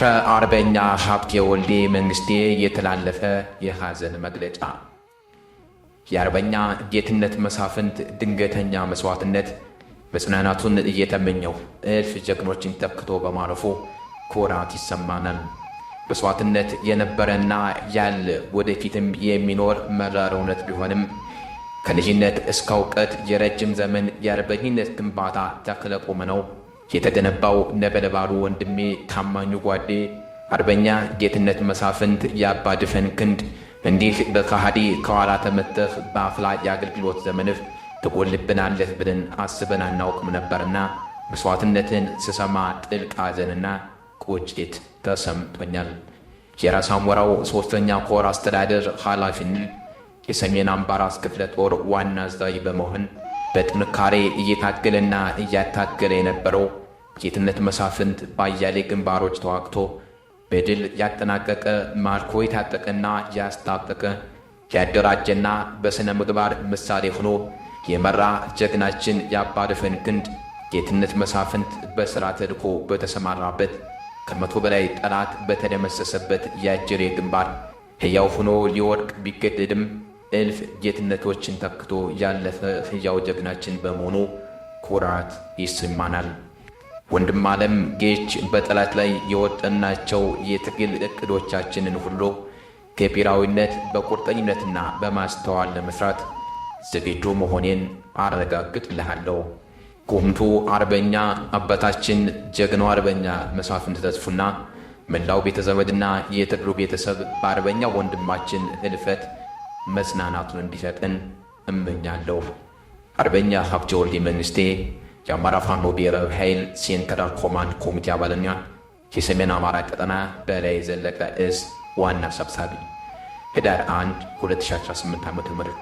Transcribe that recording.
ከአርበኛ ሀብቴ ወልዴ መንግስቴ የተላለፈ የሐዘን መግለጫ። የአርበኛ ጌትነት መሳፍንት ድንገተኛ መስዋዕትነት መጽናናቱን እየተመኘው እልፍ ጀግኖችን ተክቶ በማረፉ ኩራት ይሰማናል። መስዋዕትነት የነበረና ያለ ወደፊትም የሚኖር መራር እውነት ቢሆንም ከልጅነት እስከ እውቀት የረጅም ዘመን የአርበኝነት ግንባታ ተክለ ቁም ነው። የተገነባው ነበለባሉ ወንድሜ ታማኙ ጓዴ አርበኛ ጌትነት መሳፍንት የአባ ድፈን ክንድ እንዲህ በከሃዲ ከኋላ ተመተህ በአፍላ የአገልግሎት ዘመንህ ትጎልብናለህ ብለን አስበን አናውቅም ነበርና መስዋዕትነትን ስሰማ ጥልቅ ሐዘንና ቁጭት ተሰምቶኛል። የራስ አሞራው ሶስተኛ ኮር አስተዳደር ኃላፊን የሰሜን አምባራስ ክፍለ ጦር ዋና አዛዥ በመሆን በጥንካሬ እየታገለና እያታገለ የነበረው ጌትነት መሳፍንት በአያሌ ግንባሮች ተዋግቶ በድል ያጠናቀቀ ማርኮ የታጠቀና ያስታጠቀ ያደራጀና በሥነ ምግባር ምሳሌ ሆኖ የመራ ጀግናችን የአባደፈን ግንድ ጌትነት መሳፍንት በሥራ ተልኮ በተሰማራበት ከመቶ በላይ ጠላት በተደመሰሰበት የአጀሬ ግንባር ሕያው ሆኖ ሊወድቅ ቢገደድም እልፍ ጌትነቶችን ተክቶ ያለፈ ሕያው ጀግናችን በመሆኑ ኩራት ይሰማናል። ወንድም ዓለም ጌች በጠላት ላይ የወጠናቸው የትግል እቅዶቻችንን ሁሉ ከብሔራዊነት በቁርጠኝነትና በማስተዋል ለመስራት ዝግጁ መሆኔን አረጋግጥልሃለሁ። ጉምቱ አርበኛ አባታችን ጀግናው አርበኛ መሳፍንት ተስፉና መላው ቤተዘመድና የትግሉ ቤተሰብ በአርበኛ ወንድማችን ህልፈት መጽናናቱን እንዲሰጥን እመኛለሁ። አርበኛ ሀብቴ ወልዴ መንግስቴ የአማራ ፋኖ ብሔራዊ ኃይል ሴንትራል ኮማንድ ኮሚቴ አባልና የሰሜን አማራ ቀጠና በላይ ዘለቀ እዝ ዋና ሰብሳቢ ህዳር 1 2018 ም